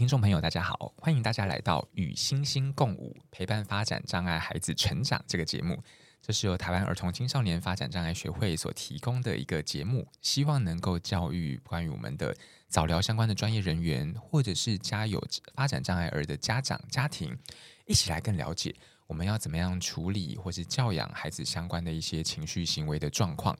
聽眾朋友，大家好！歡迎大家來到《與星星共舞，陪伴發展障礙孩子成長》這個節目，這是由台灣兒童青少年發展障礙學會所提供的一個節目，希望能夠教育關於我們的早療相關的專業人員，或者是家有發展障礙兒的家長、家庭，一起來更了解我們要怎麼樣處理或是教養孩子相關的一些情緒行為的狀況。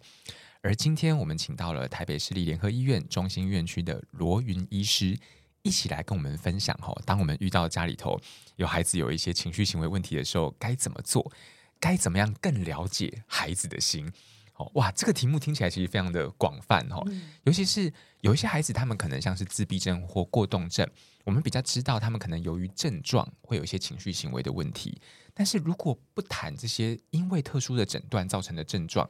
而今天我們請到了台北市立聯合醫院中心院區的羅筠醫師。一起來跟我們分享哈，當我們遇到家裡頭有孩子有一些情緒行為問題的時候，該怎麼做？該怎麼樣更了解孩子的心？哦，哇，這個題目聽起來其實非常的廣泛哈。嗯。尤其是有一些孩子，他們可能像是自閉症或過動症，我們比較知道他們可能由於症狀會有一些情緒行為的問題。但是如果不談這些因為特殊的診斷造成的症狀，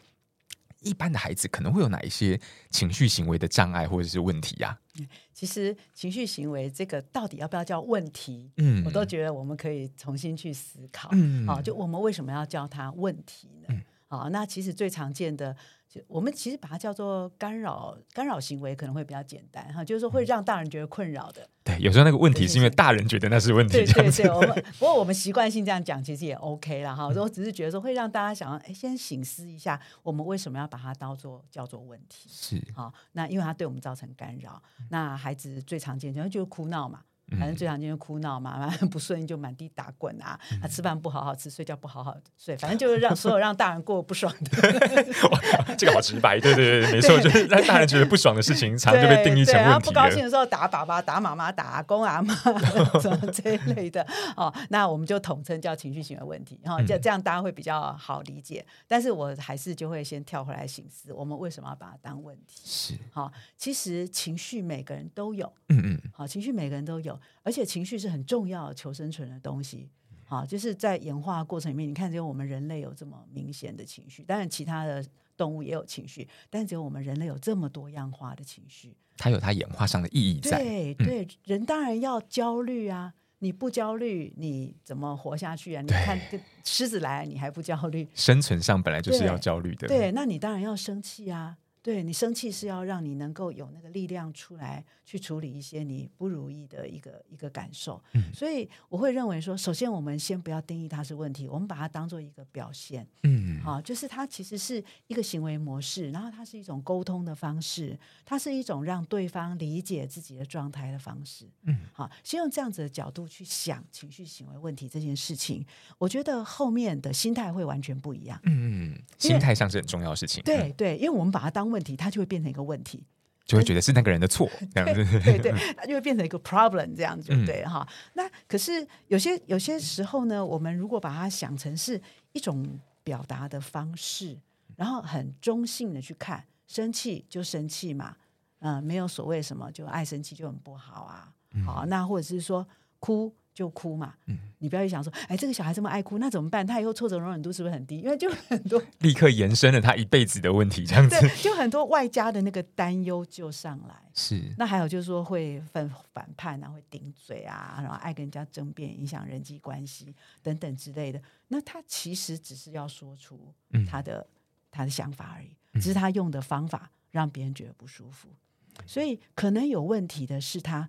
一般的孩子可能會有哪一些情緒行為的障礙或者是問題呀、啊？其實情緒行為這個到底要不要叫問題？嗯，我都覺得我們可以重新去思考。嗯，哦，就我們為什麼要叫它問題呢？嗯，哦，那其實最常見的。就我們其實把它叫做干擾，干擾行為可能會比較簡單哈，就是說會讓大人覺得困擾的、嗯。對，有時候那個問題是因為大人覺得那是問題。對的對對，對我，不過我們習慣性這樣講，其實也 OK 啦哈。我，說我只是覺得說會讓大家想，哎，先省思一下，我們為什麼要把它當做叫做問題？是好，那因為它對我們造成干擾。那孩子最常見的就是哭鬧嘛。反正最常見哭鬧嘛，反正不順就滿地打滾啊，他、啊、吃飯不好好吃，睡覺不好好睡，反正就是讓所有讓大人過不爽的 對。 這個好直白，對對對，沒錯，就是讓大人覺得不爽的事情，常,常就被定義成問題對對然後不高興的時候打爸爸、打媽媽、打阿公阿嬤，什麼這一類的。哦，那我們就統稱叫情緒行為問題。哈、哦嗯，就這樣大家會比較好理解。但是我還是就會先跳回來省思，我們為什麼要把它當問題是？好、哦，其實情緒每個人都有，嗯嗯，好、哦，情緒每個人都有。而且情緒是很重要的求生存的東西，好，就是在演化過程裡面，你看只有我們人類有這麼明顯的情緒，當然其他的動物也有情緒，但只有我們人類有這麼多樣化的情緒。它有它演化上的意義在。對、嗯、對，人當然要焦慮啊！你不焦慮你怎麼活下去啊？你看獅子來了你還不焦慮？生存上本來就是要焦慮的。對，對那你當然要生氣啊！對，你生氣是要讓你能夠有那個力量出來去處理一些你不如意的一個一個感受，嗯，所以我會認為說，首先我們先不要定義它是問題，我們把它當做一個表現，嗯、哈、哦，就是它其實是一個行為模式，然後它是一種溝通的方式，它是一種讓對方理解自己的狀態的方式，嗯，好、哦，先用這樣子的角度去想情緒行為問題這件事情，我覺得後面的心態會完全不一樣，嗯嗯，心態上是很重要的事情，對對，因為我們把它當問題，他就會變成一個問題，就會覺得是那個人的錯， 對，對，樣子，對他就會變成一個 problem 這樣子，嗯、對哈。那可是有些有些時候呢，我們如果把它想成是一種表達的方式，然後很中性的去看，生氣就生氣嘛，嗯、呃，沒有所謂什麼，就愛生氣就很不好啊，嗯、好，那或者是說哭。就哭嘛，嗯、你不要一想說，哎、欸，這個小孩這麼愛哭，那怎麼辦？他以後挫折容忍度是不是很低？因為就很多 立刻延伸了他一輩子的問題，這樣子，就很多外加的那個擔憂就上來，是。那還有就是說會反反叛啊，會頂嘴啊，然後愛跟人家爭辯，影響人際關係等等之類的。那他其實只是要說出他的、嗯、他的想法而已，只是他用的方法讓別人覺得不舒服、嗯，所以可能有問題的是他。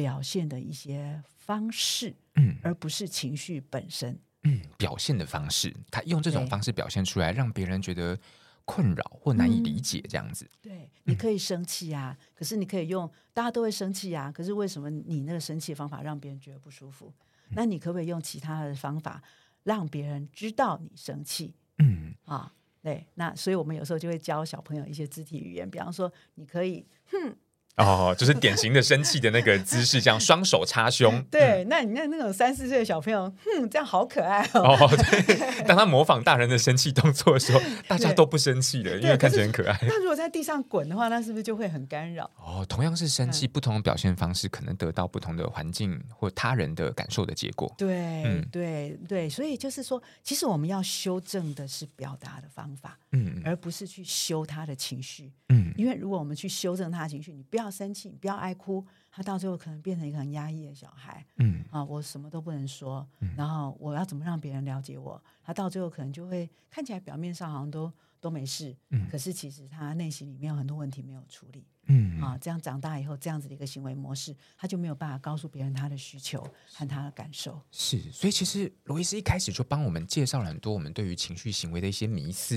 表現的一些方式，嗯，而不是情緒本身。嗯，表現的方式，他用這種方式表現出來，讓別人覺得困擾或難以理解，嗯、這樣子。對、嗯，你可以生氣啊，可是你可以用，大家都會生氣啊，可是為什麼你那個生氣的方法讓別人覺得不舒服？嗯、那你可不可以用其他的方法讓別人知道你生氣？嗯，啊，對，那所以我們有時候就會教小朋友一些肢體語言，比方說，你可以哼。哦，就是典型的生氣的那個姿勢，這樣 雙手插胸。對、嗯，那你看那種三四歲的小朋友，哼、嗯，這樣好可愛哦，哦。對，當他模仿大人的生氣動作的時候，大家都不生氣的，因為看起來很可愛。那如果在地上滾的話，那是不是就會很干擾？哦，同樣是生氣，嗯、不同的表現方式，可能得到不同的環境或他人的感受的結果。對、嗯，對，對，所以就是說，其實我們要修正的是表達的方法，嗯，而不是去修他的情緒，嗯，因為如果我們去修正他的情緒，你不要。不要生氣，不要愛哭，他到最後可能變成一個很壓抑的小孩。嗯，啊，我什麼都不能說，嗯、然後我要怎麼讓別人了解我？他到最後可能就會看起來表面上好像都都沒事、嗯，可是其實他內心裡面有很多問題沒有處理。嗯，啊，這樣長大以後，這樣子的一個行為模式，他就沒有辦法告訴別人他的需求和他的感受。是，所以其實羅醫師一開始就幫我們介紹了很多我們對於情緒行為的一些迷思，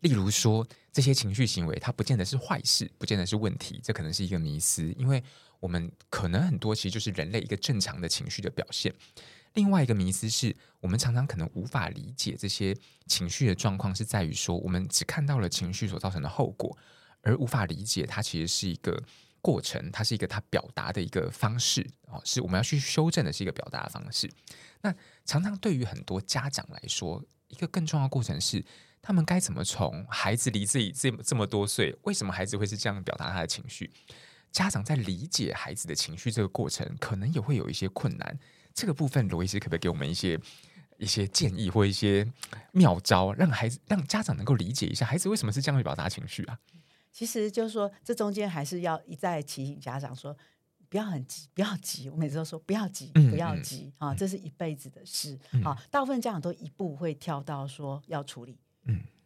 例如說。這些情緒行為，它不見得是壞事，不見得是問題，這可能是一個迷思，因為我們可能很多其實就是人類一個正常的情緒的表現。另外一個迷思是我們常常可能無法理解這些情緒的狀況，是在於說，我們只看到了情緒所造成的後果，而無法理解它其實是一個過程，它是一個它表達的一個方式啊，是我們要去修正的是一個表達的方式。那常常對於很多家長來說，一個更重要的過程是，他們該怎麼從孩子離自己這這麼多歲，為什麼孩子會是這樣表達他的情緒？家長在理解孩子的情緒這個過程，可能也會有一些困難。這個部分，羅醫師可不可以給我們一些一些建議或一些妙招，讓孩子讓家長能夠理解一下孩子為什麼是這樣表達情緒啊？其實，就是說，這中間還是要一再提醒家長說，不要很急，不要急。我每次都說，不要急，不要急、嗯嗯、啊！這是一輩子的事、嗯、啊！大部分家長都一步會跳到說要處理。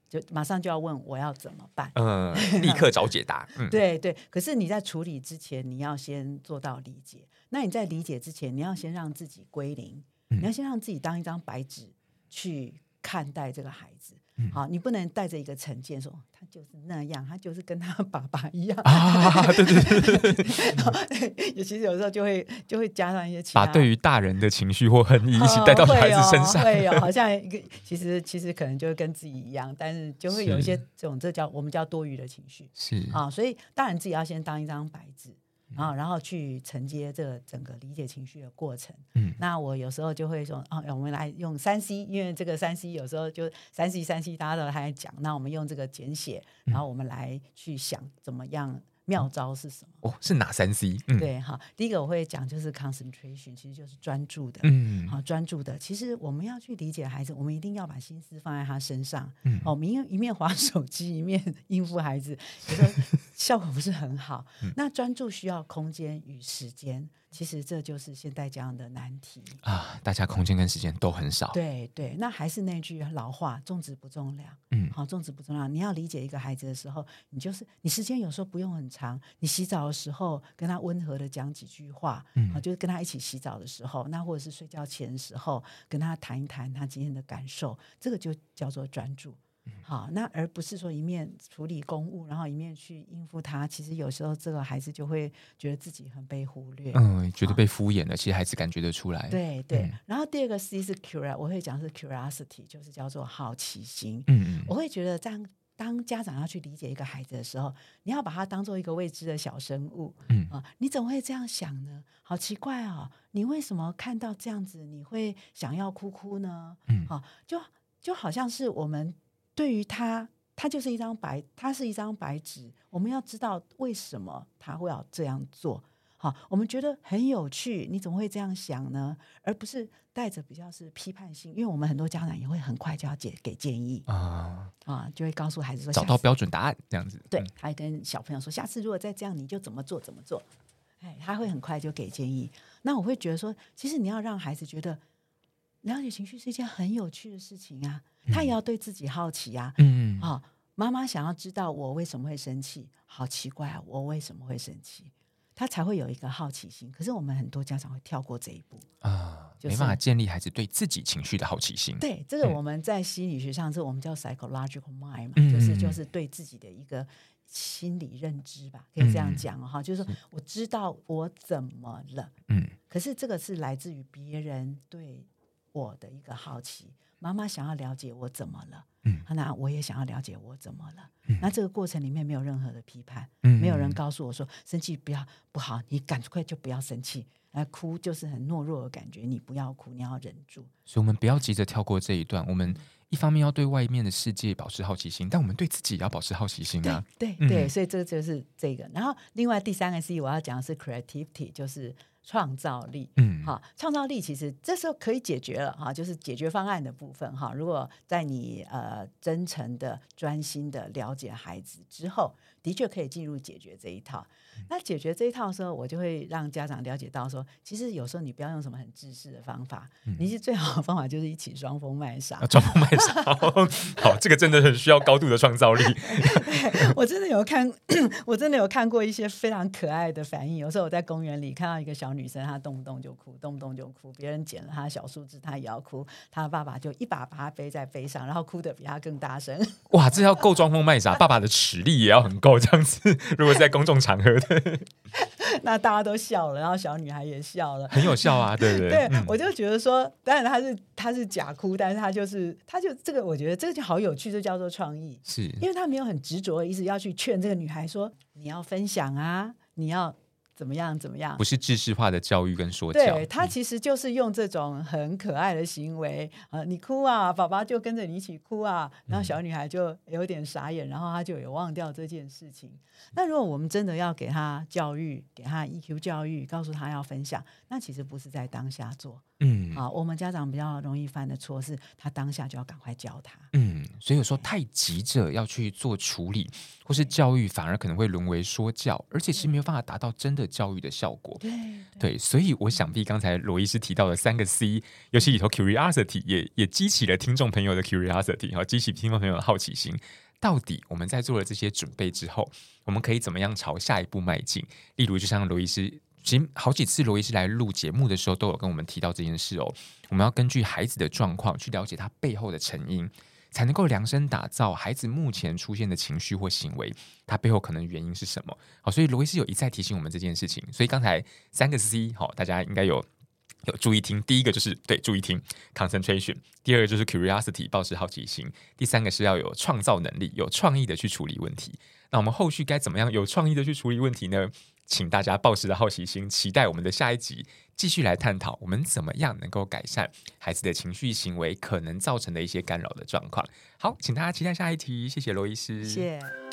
就馬上就要問我要怎麼辦？呃、立刻找解答。 對、嗯、對、對。可是你在處理之前，你要先做到理解。那你在理解之前，你要先讓自己歸零，嗯、你要先讓自己當一張白紙去。看待這個孩子，好、嗯啊，你不能帶着一個成見說、哦、他就是那樣，他就是跟他爸爸一樣啊呵呵。對對對，對，也其實有時候就會就會加上一些把對於大人的情緒或恨意一起帶到孩子身上，對、哦哦，好像一個其實其實可能就跟自己一樣，但是就會有一些這種這叫我們叫多餘的情緒是啊，所以大人自己要先當一張白紙。然後去承接這個整個理解情緒的過程、嗯。那我有時候就會說，哦，我們來用三 C，因為這個三 C 有時候就三 C 三 C 大家都還在講，那我們用這個簡寫，然後我們來去想怎麼樣妙招是什麼？嗯、哦，是哪三 C？、嗯、對哈、哦，第一個我會講就是 concentration，其實就是專注的。嗯，好、哦，專注的。其實我們要去理解孩子，我們一定要把心思放在他身上。嗯、哦，我們一面滑手機，一面應付孩子。 效果不是很好。那專注需要空間與時間、嗯，其實這就是現代家長的難題啊！大家空間跟時間都很少。對對，那還是那句老話：重質不重量。嗯，好，重質不重量。你要理解一個孩子的時候，你就是你時間有時候不用很長。你洗澡的時候跟他溫和的講幾句話，啊、嗯，就是跟他一起洗澡的時候，那或者是睡覺前的時候，跟他談一談他今天的感受，這個就叫做專注。好，那而不是說一面處理公務，然後一面去應付他，其實有時候這個孩子就會覺得自己很被忽略，嗯，覺得被敷衍了。其實孩子感覺得出來，對對、嗯。然後第二個 C 是 c u r i o s 我會講是 curiosity，就是叫做好奇心。嗯嗯。我會覺得，當當家長要去理解一個孩子的時候，你要把他當做一個未知的小生物。嗯啊，你怎麼會這樣想呢？好奇怪哦，你為什麼看到這樣子你會想要哭哭呢？嗯，好，就就好像是我們。對於他，他就是一張白，他是一張白紙。我們要知道為什麼他會要這樣做。好、啊，我們覺得很有趣，你怎麼會這樣想呢？而不是帶着比較是批判性，因為我們很多家長也會很快就要給給建議啊啊，就會告訴孩子說，找到標準答案這樣子。嗯、對，他會跟小朋友說，下次如果再這樣，你就怎麼做怎麼做？哎，他會很快就給建議。那我會覺得說，其實你要讓孩子覺得了解情緒是一件很有趣的事情啊。嗯、他也要對自己好奇呀，、啊，嗯嗯，啊、哦，媽媽想要知道我為什麼會生氣，好奇怪啊，我為什麼會生氣，他才會有一個好奇心。可是我們很多家長會跳過這一步啊，就是，沒辦法建立孩子對自己情緒的好奇心。對，嗯，這個我們在心理學上是我們叫 psychological mind，嗯，就是就是對自己的一個心理認知吧，可以這樣講哈，哦嗯，就是說我知道我怎麼了，嗯，可是這個是來自於別人對。我的一個好奇，媽媽想要了解我怎麼了，嗯，那我也想要了解我怎麼了，嗯，那這個過程裡面沒有任何的批判，嗯，沒有人告訴我說生氣不要不好，你趕快就不要生氣，哭就是很懦弱的感覺，你不要哭，你要忍住。所以，我們不要急着跳過這一段。我們一方面要對外面的世界保持好奇心，但我們對自己也要保持好奇心啊，對對，嗯，對，所以這個就是這個。然後，另外第三個 C，我要講的是 creativity，就是。創造力，嗯，好，創造力其實這時候可以解決了哈，就是解決方案的部分哈。如果在你呃真誠的、專心的了解孩子之後，的確可以進入解決這一套。嗯、那解決這一套的時候，我就會讓家長了解到說，其實有時候你不要用什麼很制式的方法、嗯，你是最好的方法就是一起裝瘋賣傻，裝瘋賣傻。 好，這個真的很需要高度的創造力 。我真的有看， 我真的有看過一些非常可愛的反應。有時候我在公園裡看到一個小。女生她動不動就哭，動不動就哭。別人撿了她小樹枝，她也要哭。她爸爸就一把把她背在背上，然後哭得比她更大聲。哇，這要夠裝瘋賣傻， 爸爸的實力也要很夠這樣子。如果在公眾場合的， 那大家都笑了，然後小女孩也笑了，很有效啊，對不對？ 對、嗯，我就覺得說，當然她是她是假哭，但是她就是她就這個，我覺得這個就好有趣，就叫做創意，是因為她沒有很執着的意思，一直要去勸這個女孩說你要分享啊，你要。怎麼樣？怎麼樣？不是知識化的教育跟說教，對，他其實就是用這種很可愛的行為、呃、你哭啊，爸爸就跟着你一起哭啊。嗯、然後小女孩就有點傻眼，然後她就有忘掉這件事情。那如果我們真的要給她教育，給她 EQ 教育，告訴她要分享，那其實不是在當下做。嗯，好、啊，我們家長比較容易犯的錯是他當下就要趕快教他。嗯，所以有時候太急着要去做處理或是教育，反而可能會淪為說教，而且其實沒有辦法達到真的教育的效果、嗯對。對，對，所以我想必剛才羅醫師提到的三個 C，尤其裡頭 curiosity 也也激起了聽眾朋友的 curiosity，然、哦、後激起聽眾朋友的好奇心。到底我們在做了這些準備之後，我們可以怎麼樣朝下一步邁進？例如，就像羅醫師。其實好幾次羅醫師來錄節目的時候，都有跟我們提到這件事哦。我們要根據孩子的狀況去了解他背後的成因，才能夠量身打造孩子目前出現的情緒或行為，他背後可能原因是什麼？好，所以羅醫師有一再提醒我們這件事情。所以剛才三個 C，大家應該有有注意聽。第一個就是對注意聽 （concentration），第二個就是 curiosity，保持好奇心。第三個是要有創造能力，有創意的去處理問題。那我們後續該怎麼樣有創意的去處理問題呢？請大家抱持的好奇心，期待我們的下一集繼續來探討，我們怎麼樣能夠改善孩子的情緒行為可能造成的一些干擾的狀況。好，請大家期待下一集，謝謝羅醫師，謝謝。